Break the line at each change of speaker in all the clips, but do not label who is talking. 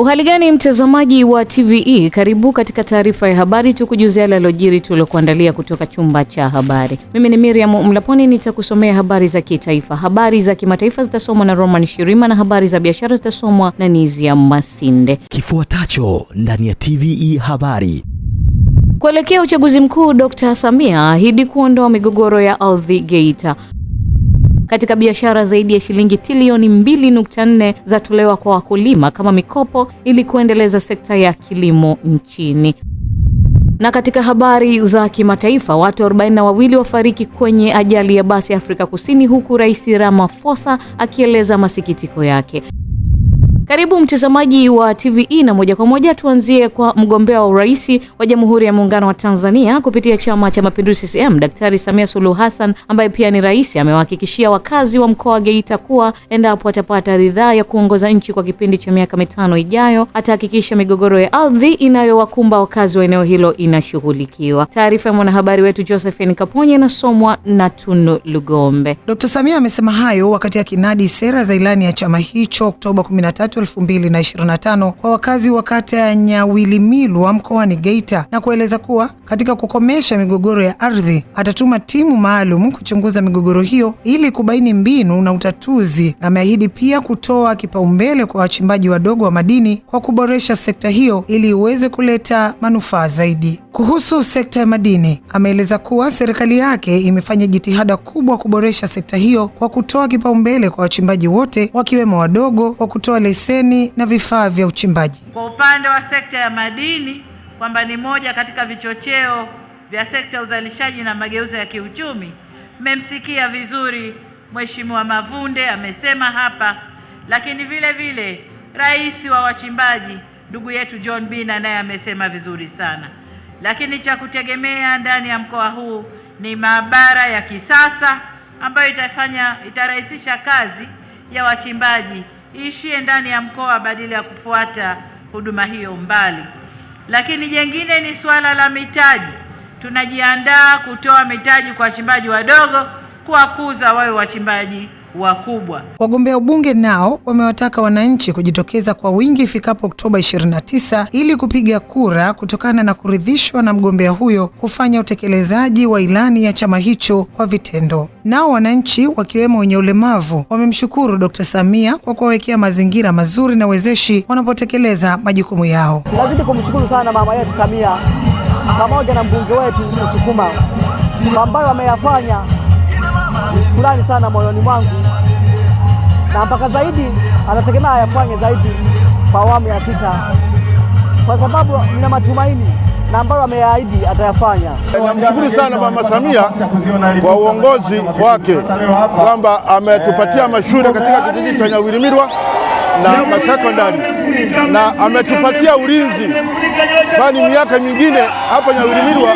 Uhali gani mtazamaji wa TVE, karibu katika taarifa ya habari, tukujuzia yaliyojiri tuliokuandalia kutoka chumba cha habari. Mimi ni Miriam Mlaponi, nitakusomea habari za kitaifa. Habari za kimataifa zitasomwa na Roman Shirima na habari za biashara zitasomwa na Nizia Masinde.
Kifuatacho ndani ya TVE habari.
Kuelekea uchaguzi mkuu, Dr. Samia ahidi kuondoa migogoro ya ardhi Geita. Katika biashara, zaidi ya shilingi trilioni 2.4 tolewa kwa wakulima kama mikopo ili kuendeleza sekta ya kilimo nchini. Na katika habari za kimataifa, watu 42 wawili wafariki kwenye ajali ya basi Afrika Kusini, huku Rais Ramaphosa akieleza masikitiko yake. Karibu mtazamaji wa TVE na moja kwa moja tuanzie kwa mgombea wa urais wa Jamhuri ya Muungano wa Tanzania kupitia Chama cha Mapinduzi CCM, Daktari Samia Suluhu Hassan ambaye pia ni rais, amewahakikishia wakazi wa mkoa wa Geita kuwa endapo atapata ridhaa ya kuongoza nchi kwa kipindi cha miaka mitano ijayo, atahakikisha migogoro ya ardhi inayowakumba wakazi wa eneo hilo inashughulikiwa. Taarifa ya mwanahabari wetu Josephine kaponya inasomwa na Tunu Lugombe. Dkt. Samia amesema hayo wakati akinadi sera za ilani ya chama hicho Oktoba 13 tatu 2025 kwa wakazi wa kata ya Nyawilimilwa mkoani Geita na kueleza kuwa katika kukomesha migogoro ya ardhi atatuma timu maalum kuchunguza migogoro hiyo ili kubaini mbinu na utatuzi. Ameahidi pia kutoa kipaumbele kwa wachimbaji wadogo wa madini kwa kuboresha sekta hiyo ili iweze kuleta manufaa zaidi. Kuhusu sekta ya madini, ameeleza kuwa serikali yake imefanya jitihada kubwa kuboresha sekta hiyo kwa kutoa kipaumbele kwa wachimbaji wote wakiwemo wadogo kwa kutoa leseni leseni na vifaa vya uchimbaji.
Kwa upande wa sekta ya madini, kwamba ni moja katika vichocheo vya sekta ya uzalishaji na mageuzi ya kiuchumi, mmemsikia vizuri Mheshimiwa Mavunde amesema hapa, lakini vile vile rais wa wachimbaji ndugu yetu John Bina naye amesema vizuri sana. Lakini cha kutegemea ndani ya mkoa huu ni maabara ya kisasa ambayo itafanya itarahisisha kazi ya wachimbaji iishie ndani ya mkoa badala ya kufuata huduma hiyo mbali. Lakini jengine ni suala la mitaji. Tunajiandaa kutoa mitaji kwa wachimbaji wadogo, kuwakuza wawe wachimbaji wakubwa.
Wagombea ubunge nao wamewataka wananchi kujitokeza kwa wingi ifikapo Oktoba 29 ili kupiga kura kutokana na kuridhishwa na mgombea huyo kufanya utekelezaji wa ilani ya chama hicho kwa vitendo. Nao wananchi wakiwemo wenye ulemavu wamemshukuru Dkt. Samia kwa kuwawekea mazingira mazuri na wezeshi wanapotekeleza majukumu yao.
Tunazidi kumshukuru sana mama yetu Samia pamoja na mbunge wetu Msukuma ambayo wameyafanya fulani sana moyoni mwangu, na mpaka zaidi anategemea ayafanye zaidi kwa awamu ya sita, kwa sababu nina matumaini na ambayo ameyaahidi atayafanya.
Namshukuru sana Mama Samia kwa uongozi wake kwamba ametupatia mashule katika kijiji cha Nyawilimirwa na masekondari na ametupatia ulinzi, kwani miaka mingine hapa Nyawilimirwa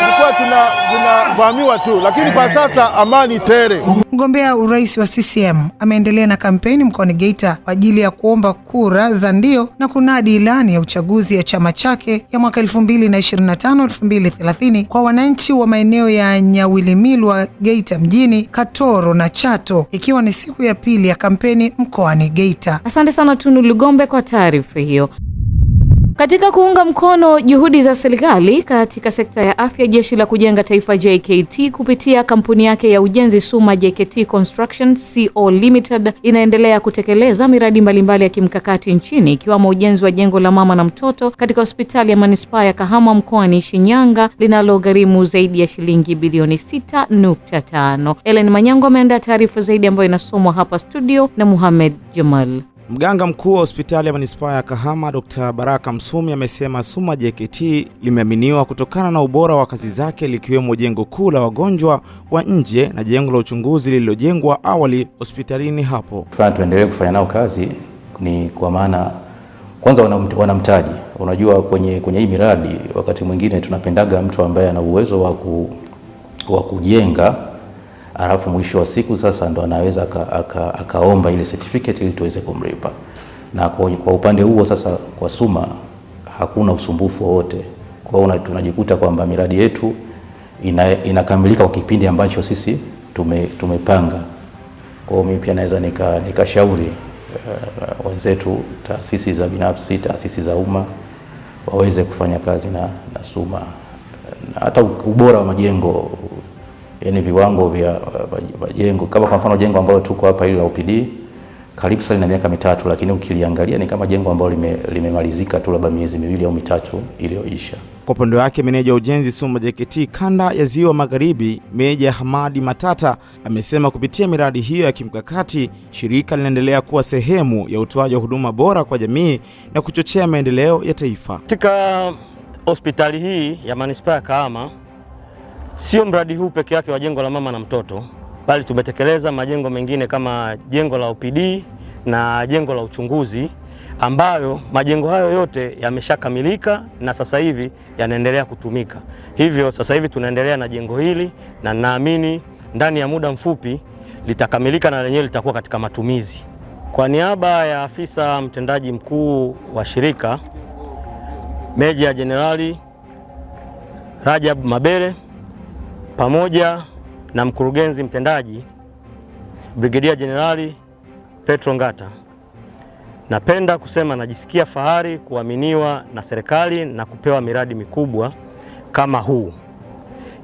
tulikuwa tunavamiwa tu, lakini kwa sasa amani tere.
Mgombea urais wa CCM ameendelea na kampeni mkoani Geita kwa ajili ya kuomba kura za ndio na kunadi ilani ya uchaguzi ya chama chake ya mwaka 2025 2030 kwa wananchi wa maeneo ya Nyawilimilwa, Geita mjini, Katoro na Chato, ikiwa ni siku ya pili ya kampeni mkoani Geita. Asante sana Tunu Lugombe kwa taarifa hiyo. Katika kuunga mkono juhudi za serikali katika sekta ya afya, jeshi la kujenga taifa JKT kupitia kampuni yake ya ujenzi Suma JKT Construction Co Limited inaendelea kutekeleza miradi mbalimbali ya kimkakati nchini ikiwamo ujenzi wa jengo la mama na mtoto katika hospitali ya manispaa ya Kahama mkoani Shinyanga linalogharimu zaidi ya shilingi bilioni 6.5. Ellen Manyango ameandaa taarifa zaidi ambayo inasomwa hapa studio na Muhammad Jamal.
Mganga mkuu wa hospitali ya manispaa ya Kahama Dkt. Baraka Msumi amesema SUMA JKT limeaminiwa kutokana na ubora wa kazi zake likiwemo jengo kuu la wagonjwa wa nje na jengo la uchunguzi lililojengwa awali hospitalini hapo.
Kwa tuendelee kufanya nao kazi ni kwa maana kwanza wanamtaji wana, unajua kwenye, kwenye hii miradi wakati mwingine tunapendaga mtu ambaye ana uwezo wa kujenga alafu mwisho wa siku sasa ndo anaweza akaomba aka, aka ile certificate ili tuweze kumlipa. Na kwa, kwa upande huo sasa kwa Suma hakuna usumbufu wowote. Kwa hiyo tunajikuta kwamba miradi yetu ina, inakamilika kwa kipindi ambacho sisi tume, tumepanga. Kwa hiyo mimi pia naweza nikashauri nika uh, eh, wenzetu taasisi za binafsi, taasisi za umma waweze kufanya kazi na, na Suma hata ubora wa majengo yani viwango vya majengo kama kwa mfano jengo ambalo tuko hapa hili la OPD karibu sana na miaka mitatu, lakini ukiliangalia ni kama jengo ambalo limemalizika lime tu labda miezi miwili au mitatu iliyoisha.
Kwa upande wake meneja wa ujenzi Suma JKT kanda ya Ziwa Magharibi, Meja Hamadi Matata amesema kupitia miradi hiyo ya kimkakati shirika linaendelea kuwa sehemu ya utoaji wa huduma bora kwa jamii na kuchochea maendeleo ya taifa.
Katika hospitali hii ya manispaa ya Kahama Sio mradi huu peke yake wa jengo la mama na mtoto, bali tumetekeleza majengo mengine kama jengo la OPD na jengo la uchunguzi ambayo majengo hayo yote yameshakamilika na sasa hivi yanaendelea kutumika. Hivyo sasa hivi tunaendelea na jengo hili na naamini ndani ya muda mfupi litakamilika na lenyewe litakuwa katika matumizi. Kwa niaba ya afisa mtendaji mkuu wa shirika Meja Jenerali Rajab Mabere pamoja na mkurugenzi mtendaji Brigedia Jenerali Petro Ngata. Napenda kusema najisikia fahari kuaminiwa na serikali na kupewa miradi mikubwa kama huu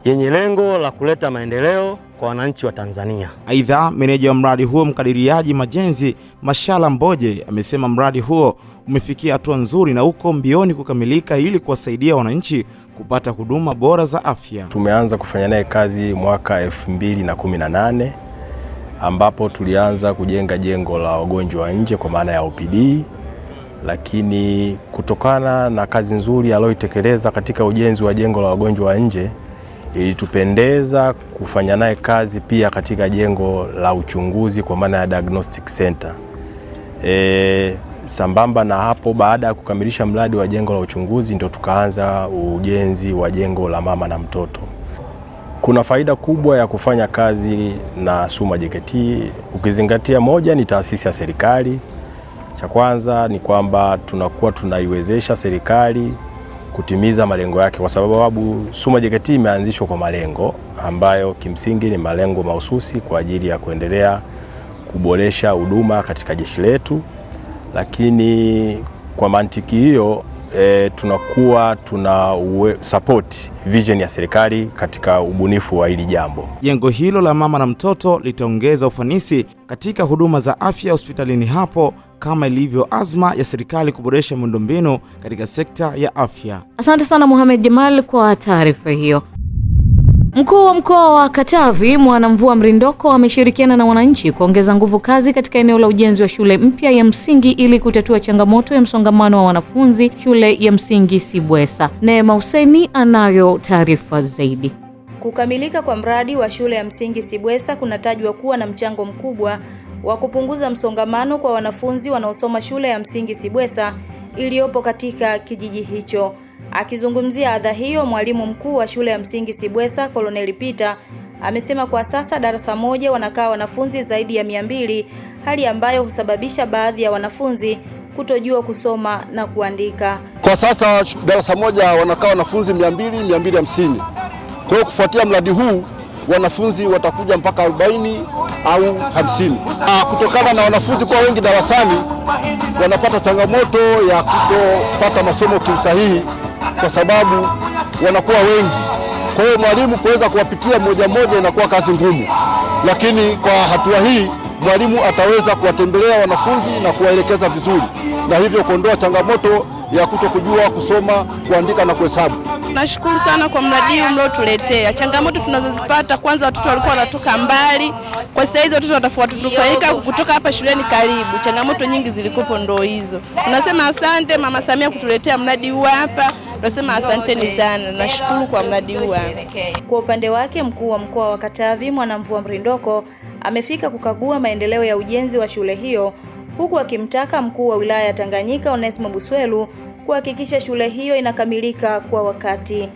yenye lengo la kuleta maendeleo kwa wananchi wa Tanzania.
Aidha, meneja wa mradi huo mkadiriaji majenzi Mashala Mboje amesema mradi huo umefikia hatua nzuri na uko mbioni kukamilika ili kuwasaidia wananchi kupata huduma bora za afya.
Tumeanza kufanya naye kazi mwaka 2018 ambapo tulianza kujenga jengo la wagonjwa wa nje kwa maana ya OPD, lakini kutokana na kazi nzuri aliyoitekeleza katika ujenzi wa jengo la wagonjwa wa nje ilitupendeza kufanya naye kazi pia katika jengo la uchunguzi kwa maana ya diagnostic center. E, sambamba na hapo, baada ya kukamilisha mradi wa jengo la uchunguzi ndio tukaanza ujenzi wa jengo la mama na mtoto. Kuna faida kubwa ya kufanya kazi na SUMA JKT ukizingatia, moja ni taasisi ya serikali, cha kwanza ni kwamba tunakuwa tunaiwezesha serikali kutimiza malengo yake, kwa sababu SUMA JKT imeanzishwa kwa malengo ambayo kimsingi ni malengo mahususi kwa ajili ya kuendelea kuboresha huduma katika jeshi letu, lakini kwa mantiki hiyo e, tunakuwa tuna support vision ya serikali katika ubunifu wa hili jambo.
Jengo hilo la mama na mtoto litaongeza ufanisi katika huduma za afya hospitalini hapo kama ilivyo azma ya serikali kuboresha miundombinu katika sekta ya afya.
Asante sana Mohamed Jamal kwa taarifa hiyo. Mkuu wa mkoa wa Katavi Mwanamvua Mrindoko ameshirikiana na wananchi kuongeza nguvu kazi katika eneo la ujenzi wa shule mpya ya msingi ili kutatua changamoto ya msongamano wa wanafunzi shule ya msingi Sibwesa. Neema Huseni anayo taarifa zaidi.
Kukamilika kwa mradi wa shule ya msingi Sibwesa kunatajwa kuwa na mchango mkubwa wa kupunguza msongamano kwa wanafunzi wanaosoma shule ya msingi Sibwesa iliyopo katika kijiji hicho. Akizungumzia adha hiyo, mwalimu mkuu wa shule ya msingi Sibwesa Koloneli Peter amesema kwa sasa darasa moja wanakaa wanafunzi zaidi ya mia mbili, hali ambayo husababisha baadhi ya wanafunzi kutojua kusoma na kuandika.
Kwa sasa darasa moja wanakaa wanafunzi mia mbili mia mbili hamsini. Kwa hiyo kufuatia mradi huu wanafunzi watakuja mpaka 40 au 50, ah, kutokana na wanafunzi kuwa wengi darasani wanapata changamoto ya kutopata masomo kiusahihi, kwa sababu wanakuwa wengi. Kwa hiyo mwalimu kuweza kuwapitia mmoja mmoja inakuwa kazi ngumu, lakini kwa hatua hii mwalimu ataweza kuwatembelea wanafunzi na kuwaelekeza vizuri, na hivyo kuondoa changamoto ya kuto kujua kusoma, kuandika na kuhesabu
tunashukuru sana kwa mradi huu mliotuletea. Changamoto tunazozipata, kwanza watoto walikuwa wanatoka mbali, kwa sasa hizi watoto watafuatufaika kutoka hapa shuleni karibu. Changamoto nyingi zilikopo ndo hizo. Tunasema asante Mama Samia kutuletea mradi huu hapa, tunasema asanteni sana, nashukuru kwa mradi huu
Kwa upande wake, mkuu wa mkoa wa Katavi Mwanamvua Mrindoko amefika kukagua maendeleo ya ujenzi wa shule hiyo huku akimtaka mkuu wa wilaya ya Tanganyika Onesimo Buswelu kuhakikisha shule hiyo inakamilika kwa wakati.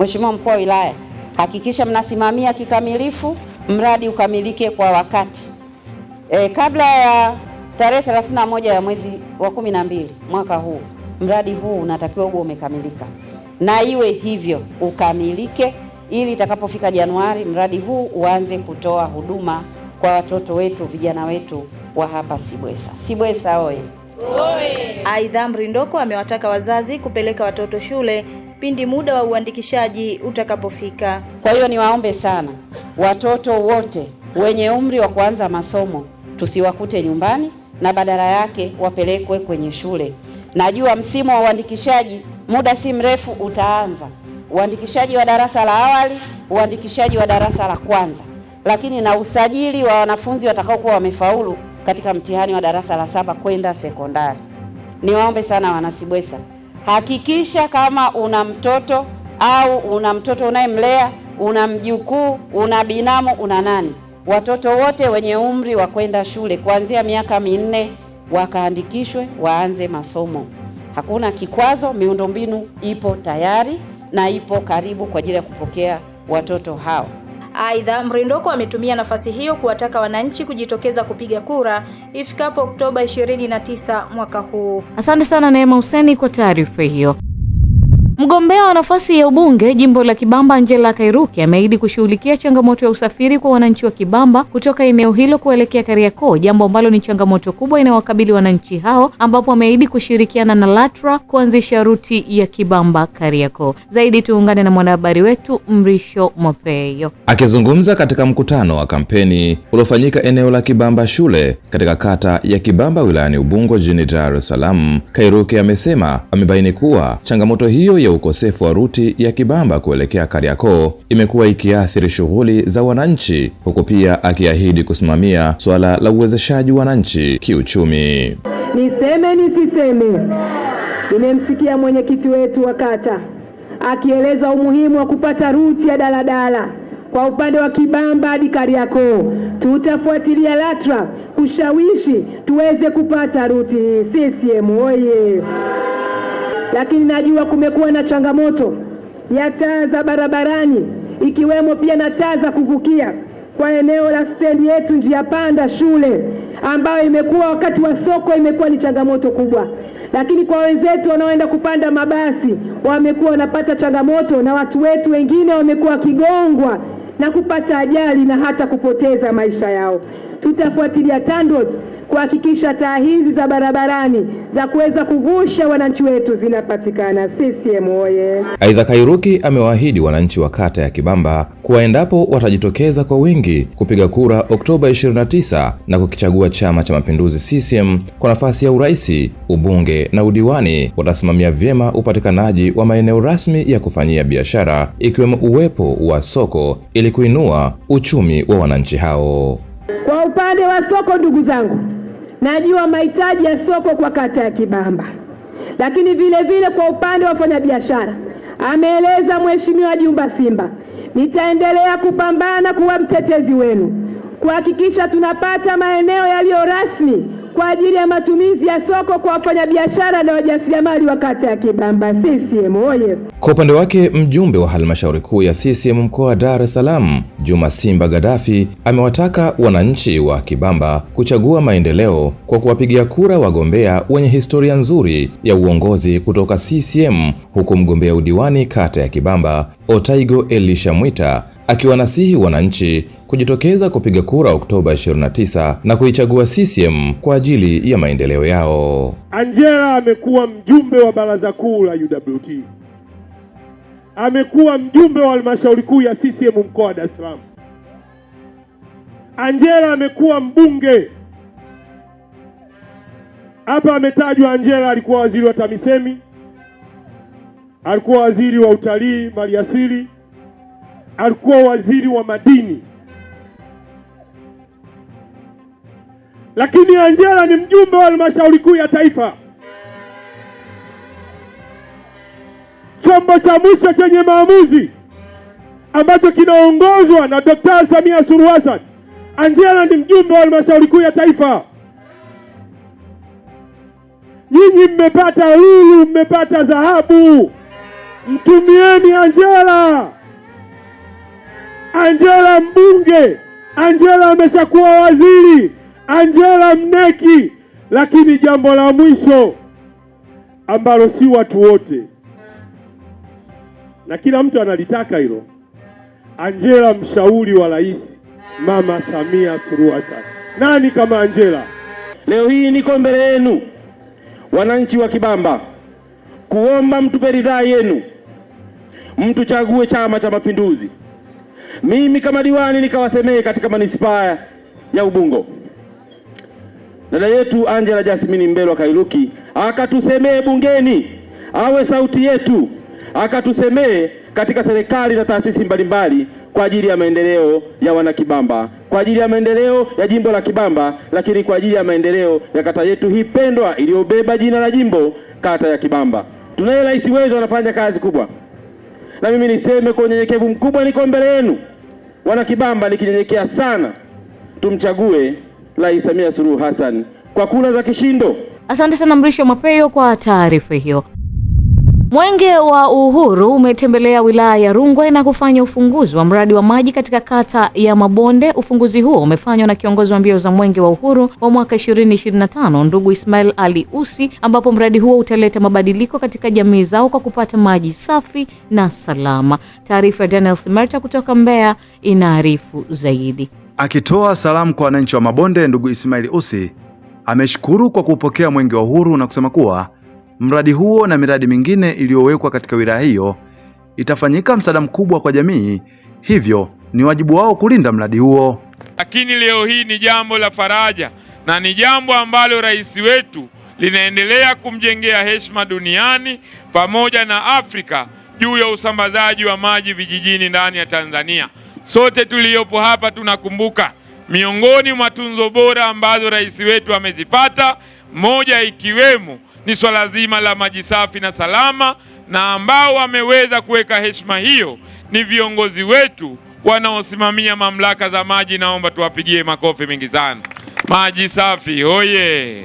Mheshimiwa Mkuu wa Wilaya, hakikisha mnasimamia kikamilifu mradi ukamilike kwa wakati e, kabla ya tarehe 31 ya mwezi wa 12 mwaka huu. Mradi huu unatakiwa uwe umekamilika, na iwe hivyo ukamilike, ili itakapofika Januari mradi huu uanze kutoa huduma kwa watoto wetu, vijana wetu wa hapa Sibwesa. Sibwesa oye!
Aidha, Mrindoko amewataka wazazi kupeleka watoto shule pindi muda wa uandikishaji utakapofika.
Kwa hiyo niwaombe sana watoto wote wenye umri wa kuanza masomo tusiwakute nyumbani na badala yake wapelekwe kwenye shule. Najua msimu wa uandikishaji muda si mrefu utaanza, uandikishaji wa darasa la awali, uandikishaji wa darasa la kwanza, lakini na usajili wa wanafunzi watakaokuwa wamefaulu katika mtihani wa darasa la saba kwenda sekondari. Niwaombe sana wanasibwesa, hakikisha kama una mtoto au una mtoto unayemlea, una mjukuu, una binamu, una nani, watoto wote wenye umri wa kwenda shule kuanzia miaka minne wakaandikishwe waanze masomo. Hakuna kikwazo, miundombinu ipo tayari na ipo karibu kwa ajili ya kupokea watoto hao.
Aidha, Mrindoko ametumia nafasi hiyo kuwataka wananchi kujitokeza kupiga kura ifikapo Oktoba 29 mwaka huu.
Asante sana Neema Huseni kwa taarifa hiyo. Mgombea wa nafasi ya ubunge jimbo la Kibamba Angela Kairuki ameahidi kushughulikia changamoto ya usafiri kwa wananchi wa Kibamba kutoka eneo hilo kuelekea Kariakoo, jambo ambalo ni changamoto kubwa inayowakabili wananchi hao, ambapo ameahidi kushirikiana na LATRA kuanzisha ruti ya Kibamba Kariakoo. Zaidi tuungane na mwanahabari wetu Mrisho Mopeyo
akizungumza katika mkutano wa kampeni uliofanyika eneo la Kibamba shule katika kata ya Kibamba wilayani Ubungo jijini Dar es Salaam. Kairuki amesema amebaini kuwa changamoto hiyo ya ukosefu wa ruti ya Kibamba kuelekea Kariakoo imekuwa ikiathiri shughuli za wananchi, huku pia akiahidi kusimamia suala la uwezeshaji wananchi kiuchumi.
Niseme nisiseme, nimemsikia mwenyekiti wetu wa kata akieleza umuhimu wa kupata ruti ya daladala kwa upande wa Kibamba hadi Kariakoo. Tutafuatilia LATRA kushawishi tuweze kupata ruti hii. CCM oye! lakini najua kumekuwa na changamoto ya taa za barabarani ikiwemo pia na taa za kuvukia kwa eneo la stendi yetu njia panda shule, ambayo imekuwa wakati wa soko imekuwa ni changamoto kubwa, lakini kwa wenzetu wanaoenda kupanda mabasi wamekuwa wanapata changamoto, na watu wetu wengine wamekuwa wakigongwa na kupata ajali na hata kupoteza maisha yao tutafuatilia TANROADS kuhakikisha taa hizi za barabarani za kuweza kuvusha wananchi wetu zinapatikana. CCM oye!
Aidha, Kairuki amewaahidi wananchi wa kata ya Kibamba kuwa endapo watajitokeza kwa wingi kupiga kura Oktoba 29 na kukichagua Chama cha Mapinduzi CCM kwa nafasi ya uraisi, ubunge na udiwani, watasimamia vyema upatikanaji wa maeneo rasmi ya kufanyia biashara ikiwemo uwepo wa soko ili kuinua uchumi wa wananchi hao.
Kwa upande wa soko, ndugu zangu, najua mahitaji ya soko kwa kata ya Kibamba, lakini vile vile kwa upande wa wafanyabiashara ameeleza Mheshimiwa Jumba Simba. Nitaendelea kupambana kuwa mtetezi wenu kuhakikisha tunapata maeneo yaliyo rasmi kwa ajili ya matumizi ya soko kwa wafanyabiashara na wajasiriamali wa kata ya Kibamba. CCM oye!
Kwa upande wake mjumbe wa halmashauri kuu ya CCM mkoa wa Dar es Salaam Juma Simba Gaddafi amewataka wananchi wa Kibamba kuchagua maendeleo kwa kuwapigia kura wagombea wenye historia nzuri ya uongozi kutoka CCM, huku mgombea udiwani kata ya Kibamba Otaigo Elisha Mwita akiwanasihi wananchi kujitokeza kupiga kura Oktoba 29 na kuichagua CCM kwa ajili ya maendeleo yao.
Angela amekuwa mjumbe wa baraza kuu la UWT, amekuwa mjumbe wa halmashauri kuu ya CCM mkoa wa Dar es Salaam. Angela amekuwa mbunge hapa ametajwa. Angela alikuwa waziri wa TAMISEMI, alikuwa waziri wa utalii maliasili, alikuwa waziri wa madini. lakini Angela ni mjumbe wa halmashauri kuu ya taifa, chombo cha mwisho chenye maamuzi ambacho kinaongozwa na Daktari Samia Suluhu Hassan. Angela ni mjumbe wa halmashauri kuu ya taifa. Nyinyi mmepata lulu, mmepata dhahabu, mtumieni Angela. Angela mbunge, Angela ameshakuwa waziri Angela Mneki. Lakini jambo la mwisho ambalo si watu wote na kila mtu analitaka hilo, Angela mshauri wa rais Mama Samia Suluhu Hassan. Nani kama Angela?
Leo hii niko mbele yenu wananchi wa Kibamba kuomba mtupe ridhaa yenu, mtuchague Chama cha Mapinduzi, mimi kama diwani nikawasemee katika manispaa ya Ubungo dada yetu Angela Jasmine Mbelwa Kairuki akatusemee bungeni, awe sauti yetu, akatusemee katika serikali na taasisi mbalimbali kwa ajili ya maendeleo ya wanakibamba, kwa ajili ya maendeleo ya jimbo la Kibamba, lakini kwa ajili ya maendeleo ya kata yetu hii pendwa iliyobeba jina la jimbo, kata ya Kibamba. Tunaye rais wetu anafanya kazi kubwa, na mimi niseme kwa unyenyekevu mkubwa, niko mbele yenu wanakibamba, nikinyenyekea sana, tumchague Rais Samia Suluhu Hassan kwa kura za kishindo.
Asante sana Mrisho Mapeyo kwa taarifa hiyo. Mwenge wa Uhuru umetembelea wilaya ya Rungwe na kufanya ufunguzi wa mradi wa maji katika kata ya Mabonde. Ufunguzi huo umefanywa na kiongozi wa mbio za Mwenge wa Uhuru wa mwaka 2025 ndugu Ismail Ali Usi, ambapo mradi huo utaleta mabadiliko katika jamii zao kwa kupata maji safi na salama. Taarifa ya Daniel Simerta kutoka Mbeya inaarifu zaidi.
Akitoa salamu kwa wananchi wa Mabonde, ndugu Ismail usi ameshukuru kwa kuupokea Mwenge wa Uhuru na kusema kuwa mradi huo na miradi mingine iliyowekwa katika wilaya hiyo itafanyika msaada mkubwa kwa jamii, hivyo ni wajibu wao kulinda mradi huo.
Lakini leo hii ni jambo la faraja na ni jambo ambalo rais wetu linaendelea kumjengea heshima duniani pamoja na Afrika juu ya usambazaji wa maji vijijini ndani ya Tanzania. Sote tuliyopo hapa tunakumbuka miongoni mwa tunzo bora ambazo rais wetu amezipata, moja ikiwemo ni swala zima la maji safi na salama, na ambao wameweza kuweka heshima hiyo ni viongozi wetu wanaosimamia mamlaka za maji. Naomba tuwapigie makofi mengi sana. Maji safi oye!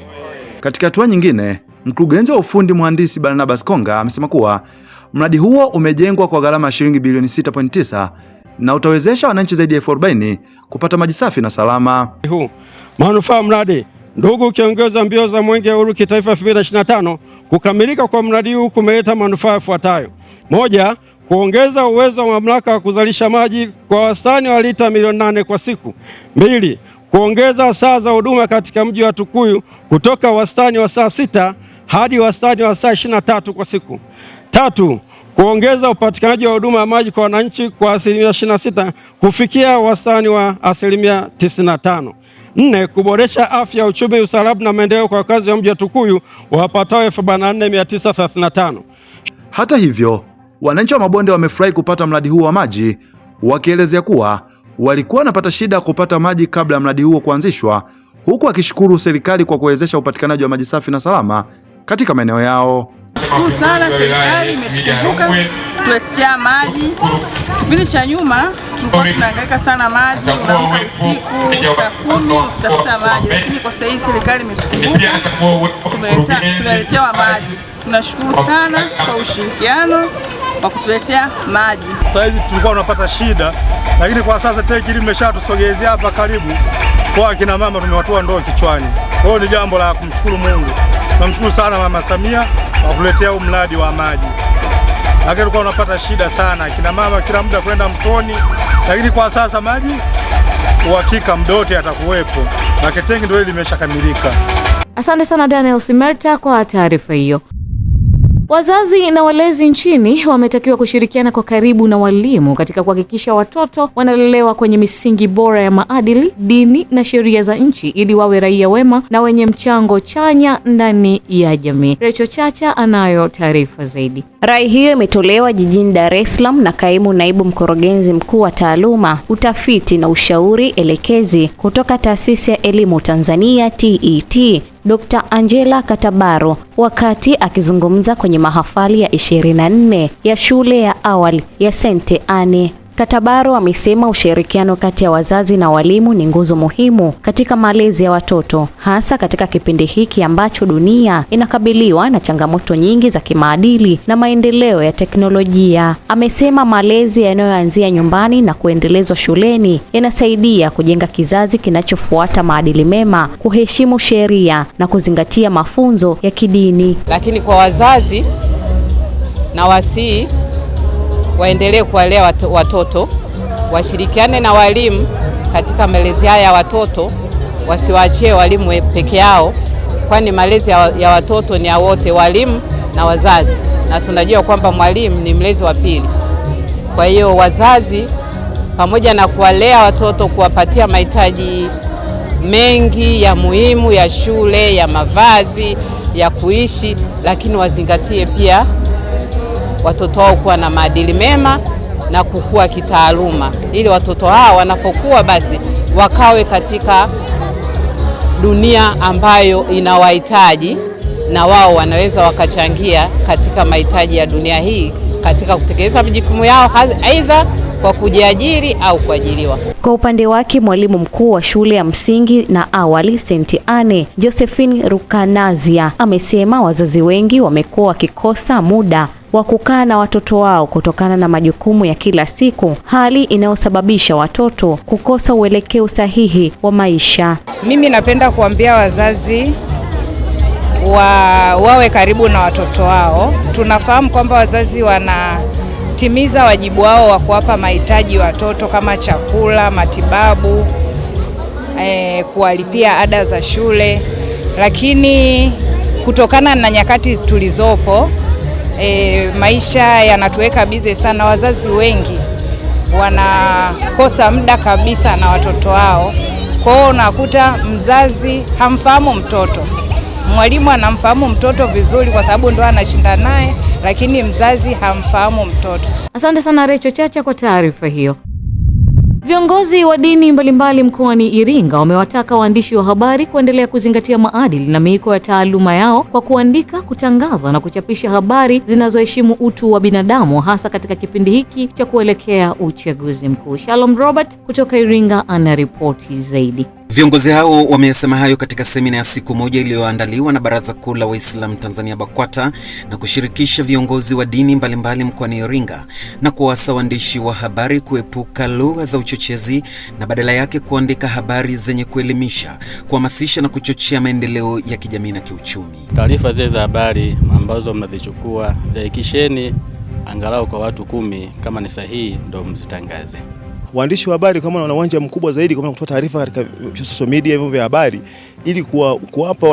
Katika hatua nyingine, mkurugenzi wa ufundi mhandisi Barnabas Konga amesema kuwa mradi huo umejengwa kwa gharama ya shilingi bilioni 6.9 na utawezesha wananchi zaidi ya elfu arobaini kupata maji safi na salama.
manufaa mradi ndugu, ukiongeza mbio za mwenge huru kitaifa 2025 kukamilika kwa mradi huu kumeleta manufaa yafuatayo: moja, kuongeza uwezo wa mamlaka wa kuzalisha maji kwa wastani wa lita milioni nane kwa siku. Mbili, kuongeza saa za huduma katika mji wa Tukuyu kutoka wastani wa saa sita hadi wastani wa saa 23 kwa siku. Tatu, kuongeza upatikanaji wa huduma ya maji kwa wananchi kwa asilimia 26 kufikia wastani wa asilimia 95. Nne, kuboresha afya, uchumi, ustaarabu na maendeleo kwa wakazi wa mji wa Tukuyu wapatao 44935.
Hata hivyo, wananchi wa Mabonde wamefurahi kupata mradi huo wa maji, wakielezea kuwa walikuwa wanapata shida kupata maji kabla ya mradi huo kuanzishwa, huku wakishukuru serikali kwa kuwezesha upatikanaji wa maji safi na salama katika maeneo yao.
Shukuru sana serikali imetukumbuka tuletea maji. Kipindi cha nyuma tulikuwa tunahangaika sana maji, unaamka usiku saa kumi utafuta maji, lakini kwa sasa hii serikali imetukumbuka, tumeletewa maji. Tunashukuru sana kwa ushirikiano wa kutuletea maji.
Sasa hivi tulikuwa tunapata shida, lakini kwa sasa tenki hili limeshatusogezea hapa karibu, kwa akina mama tumewatoa ndoo kichwani. Kwa hiyo ni jambo la kumshukuru Mungu. Namshukuru sana Mama Samia kwa kuletea huu mradi wa maji, lakini tulikuwa unapata shida sana kina mama kila muda kwenda mtoni, lakini kwa sasa maji uhakika mdote atakuwepo na Ketengi ndio limeshakamilika.
Asante sana Daniel Simerta kwa taarifa hiyo. Wazazi na walezi nchini wametakiwa kushirikiana kwa karibu na walimu katika kuhakikisha watoto wanalelewa kwenye misingi bora ya maadili, dini na sheria za nchi ili wawe raia wema na wenye mchango chanya ndani ya jamii. Recho Chacha anayo taarifa zaidi.
Rai hiyo imetolewa jijini Dar es Salaam na kaimu naibu mkurugenzi mkuu wa taaluma, utafiti na ushauri elekezi kutoka Taasisi ya Elimu Tanzania TET e Dr. Angela Katabaro wakati akizungumza kwenye mahafali ya 24 ya shule ya awali ya Sente Anne Katabaro amesema ushirikiano kati ya wazazi na walimu ni nguzo muhimu katika malezi ya watoto, hasa katika kipindi hiki ambacho dunia inakabiliwa na changamoto nyingi za kimaadili na maendeleo ya teknolojia. Amesema malezi yanayoanzia nyumbani na kuendelezwa shuleni yanasaidia kujenga kizazi kinachofuata maadili mema, kuheshimu sheria na kuzingatia mafunzo ya kidini.
Lakini kwa wazazi na wasii waendelee kuwalea watoto, washirikiane na walimu katika malezi haya ya watoto, wasiwaachie walimu peke yao, kwani malezi ya watoto ni ya wote, walimu na wazazi, na tunajua kwamba mwalimu ni mlezi wa pili. Kwa hiyo wazazi pamoja na kuwalea watoto, kuwapatia mahitaji mengi ya muhimu ya shule, ya mavazi, ya kuishi, lakini wazingatie pia watoto wao kuwa na maadili mema na kukua kitaaluma, ili watoto hao wanapokuwa basi wakawe katika dunia ambayo inawahitaji na wao wanaweza wakachangia katika mahitaji ya dunia hii katika kutekeleza majukumu yao aidha kwa kujiajiri au kuajiriwa.
Kwa upande wake mwalimu mkuu wa shule ya msingi na awali St. Anne Josephine Rukanazia amesema wazazi wengi wamekuwa wakikosa muda wa kukaa na watoto wao kutokana na majukumu ya kila siku, hali inayosababisha watoto kukosa uelekeo sahihi wa maisha.
Mimi napenda kuambia wazazi wa, wawe karibu na watoto wao. Tunafahamu kwamba wazazi wanatimiza wajibu wao wa kuwapa mahitaji watoto kama chakula, matibabu, eh, kuwalipia ada za shule, lakini kutokana na nyakati tulizopo e, maisha yanatuweka bize sana. Wazazi wengi wanakosa muda kabisa na watoto wao, kwao unakuta mzazi hamfahamu mtoto, mwalimu anamfahamu mtoto vizuri kwa sababu ndo anashinda naye, lakini mzazi hamfahamu mtoto.
Asante sana Recho Chacha kwa taarifa hiyo. Viongozi wa dini mbalimbali mkoani Iringa wamewataka waandishi wa habari kuendelea kuzingatia maadili na miiko ya taaluma yao kwa kuandika, kutangaza na kuchapisha habari zinazoheshimu utu wa binadamu hasa katika kipindi hiki cha kuelekea uchaguzi mkuu. Shalom Robert kutoka Iringa ana ripoti zaidi.
Viongozi hao wameyasema hayo katika semina ya siku moja iliyoandaliwa na Baraza Kuu la Waislamu Tanzania BAKWATA na kushirikisha viongozi wa dini mbalimbali mkoani Iringa na kuwaasa waandishi wa habari kuepuka lugha za uchochezi na badala yake kuandika habari zenye kuelimisha, kuhamasisha na kuchochea maendeleo ya kijamii na kiuchumi.
Taarifa zile za habari ambazo mnazichukua, zihakikisheni angalau kwa watu kumi, kama ni sahihi ndio mzitangaze
waandishi wa habari kama wana uwanja mkubwa zaidi kwa kutoa taarifa katika social media, vyombo vya habari, ili kuwapa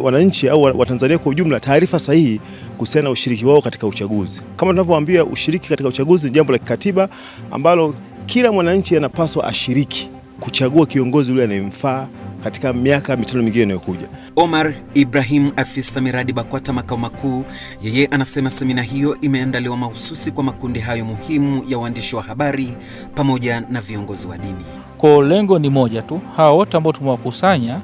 wananchi au Watanzania kwa ujumla taarifa sahihi kuhusiana na ushiriki wao katika uchaguzi. Kama tunavyowaambia, ushiriki katika uchaguzi ni jambo la kikatiba ambalo kila mwananchi anapaswa ashiriki kuchagua kiongozi yule anayemfaa katika miaka mitano mingine inayokuja.
Omar Ibrahim, afisa miradi BAKWATA makao makuu, yeye anasema semina hiyo imeandaliwa mahususi kwa makundi hayo muhimu ya waandishi wa habari pamoja na viongozi wa dini.
Kwa lengo ni moja tu, hawa wote ambao tumewakusanya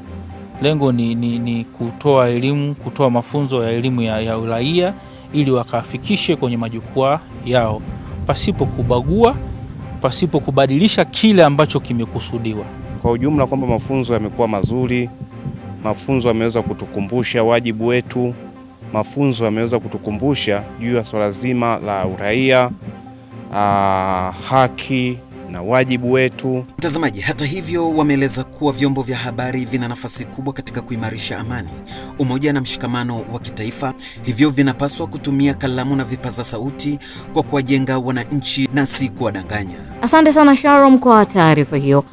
lengo ni, ni, ni kutoa elimu, kutoa mafunzo ya elimu ya, ya uraia ili wakafikishe kwenye majukwaa yao pasipo kubagua, pasipo kubadilisha kile ambacho kimekusudiwa.
Kwa ujumla kwamba mafunzo yamekuwa mazuri, mafunzo yameweza kutukumbusha wajibu wetu, mafunzo yameweza kutukumbusha juu ya swala zima la uraia, aa, ah, haki na wajibu wetu.
Mtazamaji, hata hivyo, wameeleza kuwa vyombo vya habari vina nafasi kubwa katika kuimarisha amani, umoja na mshikamano wa kitaifa, hivyo vinapaswa kutumia kalamu na vipaza sauti kwa kuwajenga wananchi na si kuwadanganya.
Asante sana sharom kwa taarifa hiyo.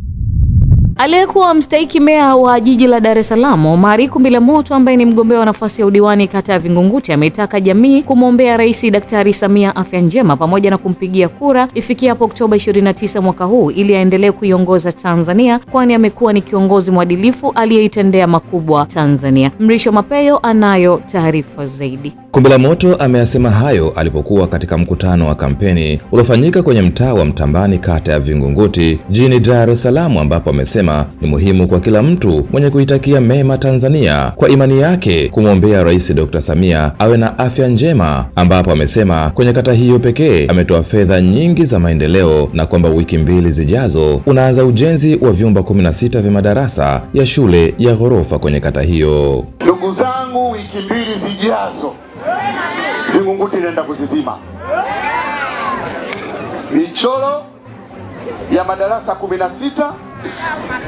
Aliyekuwa mstahiki meya wa jiji la Dar es Salaam Omari Kumbilamoto, ambaye ni mgombea wa nafasi ya udiwani kata ya Vingunguti, ameitaka jamii kumwombea Rais Daktari Samia afya njema pamoja na kumpigia kura ifikia hapo Oktoba 29 mwaka huu ili aendelee kuiongoza Tanzania, kwani amekuwa ni kiongozi mwadilifu aliyeitendea makubwa Tanzania. Mrisho Mapeyo anayo taarifa zaidi.
Kumbila Moto ameyasema hayo alipokuwa katika mkutano wa kampeni uliofanyika kwenye mtaa wa Mtambani kata ya Vingunguti jijini Dar es Salaam, ambapo amesema ni muhimu kwa kila mtu mwenye kuitakia mema Tanzania kwa imani yake kumwombea Rais Dr. Samia awe na afya njema, ambapo amesema kwenye kata hiyo pekee ametoa fedha nyingi za maendeleo na kwamba wiki mbili zijazo unaanza ujenzi wa vyumba 16 vya madarasa ya shule ya ghorofa kwenye kata hiyo.
Ndugu zangu, wiki mbili zijazo Vingunguti inaenda kuzizima michoro ya madarasa kumi na sita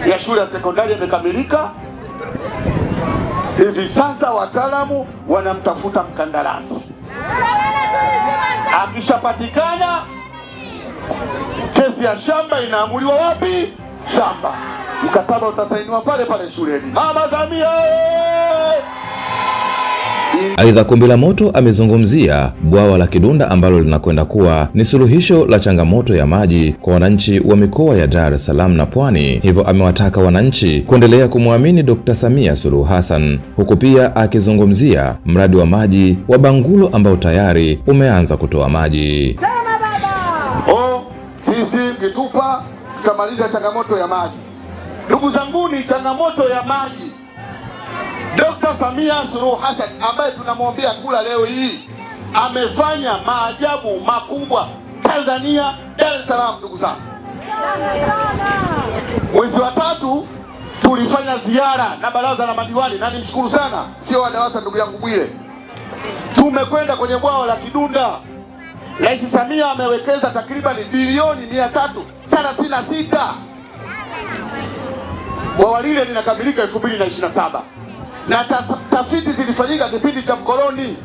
ya shule ya sekondari yamekamilika. Hivi sasa wataalamu wanamtafuta mkandarasi, akishapatikana kesi ya shamba inaamuliwa wapi? Shamba, mkataba utasainiwa pale pale shuleni. Mama Samia
Aidha, Kumbila Moto amezungumzia bwawa la Kidunda ambalo linakwenda kuwa ni suluhisho la changamoto ya maji kwa wananchi wa mikoa ya Dar es Salaam na Pwani, hivyo amewataka wananchi kuendelea kumwamini Dr. Samia Suluhu Hassan, huku pia akizungumzia mradi wa maji wa Bangulo ambao tayari umeanza kutoa maji. Sema
baba! Oh, sisi kitupa tutamaliza changamoto ya maji. Ndugu zanguni, changamoto ya maji Dr. Samia Suluhu Hassan ambaye tunamwombea kula leo hii amefanya maajabu makubwa Tanzania, Dar es Salaam. Ndugu zangu, mwezi wa tatu tulifanya ziara na baraza la madiwani na nimshukuru sana sio wadawasa ndugu yangu Bwile, tumekwenda kwenye bwawa la Kidunda. Rais Samia amewekeza takribani bilioni mia tatu thelathini na sita bwawa lile linakamilika elfu mbili na ishirini na saba na tafiti zilifanyika kipindi cha mkoloni.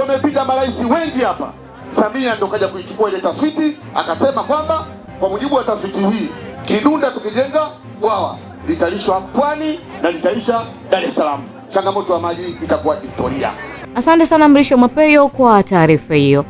Wamepita marais wengi hapa, Samia ndo kaja kuichukua ile tafiti, akasema kwamba kwa mujibu wa tafiti hii Kidunda tukijenga bwawa litalishwa pwani na litalisha Dar es Salaam, changamoto ya maji itakuwa historia.
Asante sana Mrisho Mapeyo kwa taarifa hiyo.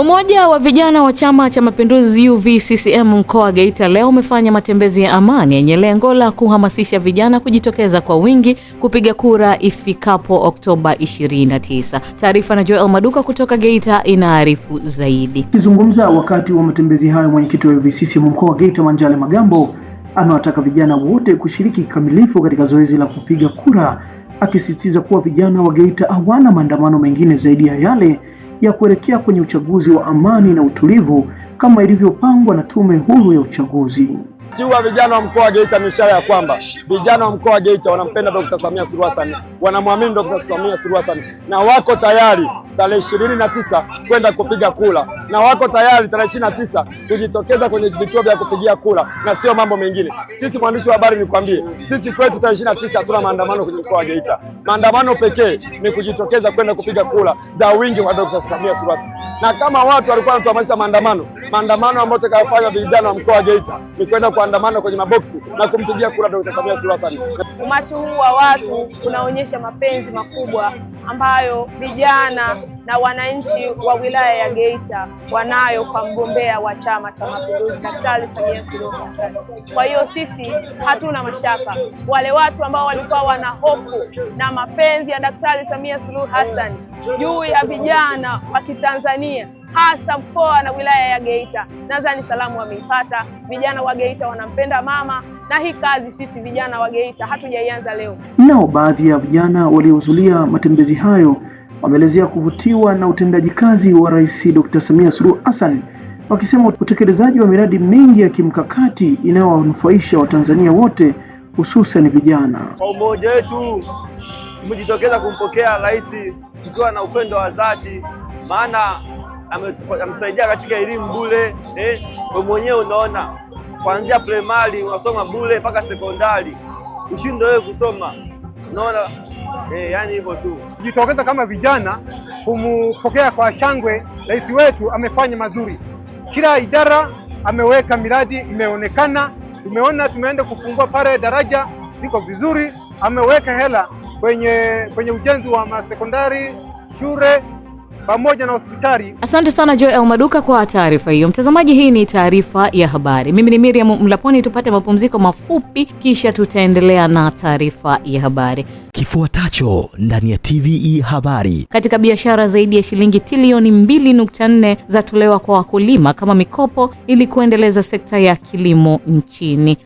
Umoja wa vijana wa Chama cha Mapinduzi UVCCM mkoa wa Geita leo umefanya matembezi ya amani yenye lengo la kuhamasisha vijana kujitokeza kwa wingi kupiga kura ifikapo Oktoba 29. Taarifa na Joel Maduka kutoka Geita inaarifu zaidi.
Akizungumza wakati wa matembezi hayo, mwenyekiti wa UVCCM mkoa wa Geita Manjale Magambo amewataka vijana wote kushiriki kikamilifu katika zoezi la kupiga kura, akisisitiza kuwa vijana wa Geita hawana maandamano mengine zaidi ya yale ya kuelekea kwenye uchaguzi wa amani na utulivu kama ilivyopangwa na Tume Huru ya Uchaguzi.
Tiwa vijana wa mkoa wa Geita ni ishara ya kwamba vijana wa mkoa wa Geita wanampenda Dr. Samia Suluhu Hassan, wanamwamini Dr. Samia Suluhu Hassan na wako tayari tarehe ishirini na tisa kwenda kupiga kura na wako tayari tarehe ishirini na tisa kujitokeza kwenye vituo vya kupigia kura na sio mambo mengine. Sisi mwandishi wa habari, nikwambie, sisi kwetu tarehe ishirini na tisa hatuna maandamano kwenye mkoa wa Geita. Maandamano pekee ni kujitokeza kwenda kupiga kura za wingi wa Dr. Samia Suluhu Hassan, na kama watu walikuwa wanatuhamasisha maandamano, maandamano ambayo tutakayofanya vijana wa mkoa wa Geita ni kwenda kuandamana kwenye maboksi na kumpigia kura Dr. Samia Suluhu Hassan.
Umati huu wa watu unaonyesha mapenzi makubwa ambayo vijana na wananchi wa wilaya ya Geita wanayo kwa mgombea wa Chama cha Mapinduzi Daktari Samia Suluhu Hassan. Kwa hiyo sisi hatuna mashaka. Wale watu ambao walikuwa wana hofu na mapenzi ya Daktari Samia Suluhu Hassan juu ya vijana wa Kitanzania hasa mkoa na wilaya ya Geita. Nadhani salamu wameipata, vijana wa Geita wanampenda mama, na hii kazi sisi vijana wa Geita hatujaianza leo.
Nao baadhi ya vijana waliohudhuria matembezi hayo wameelezea kuvutiwa na utendaji kazi wa Rais Dr. Samia Suluhu Hassan wakisema utekelezaji wa miradi mingi ya kimkakati inayowanufaisha Watanzania wote hususan vijana.
Kwa umoja wetu tumejitokeza kumpokea rais tukiwa na upendo wa dhati, maana amesaidia katika elimu bure eh, mwenyewe unaona, kuanzia primary unasoma bure mpaka sekondari, ushindo wewe kusoma, unaona eh, yani hivyo tu. Jitokeza kama vijana kumpokea kwa shangwe. Rais wetu amefanya mazuri, kila idara ameweka miradi imeonekana, tumeona tumeenda kufungua pale daraja liko vizuri, ameweka hela kwenye kwenye ujenzi wa masekondari shule pamoja na hospitali.
Asante sana Joel Maduka kwa taarifa hiyo. Mtazamaji, hii ni taarifa ya habari. Mimi ni Miriam Mlaponi, tupate mapumziko mafupi, kisha tutaendelea na taarifa ya habari.
Kifuatacho ndani ya TVE habari.
Katika biashara zaidi ya shilingi trilioni 2.4 zatolewa kwa wakulima kama mikopo ili kuendeleza sekta ya kilimo nchini.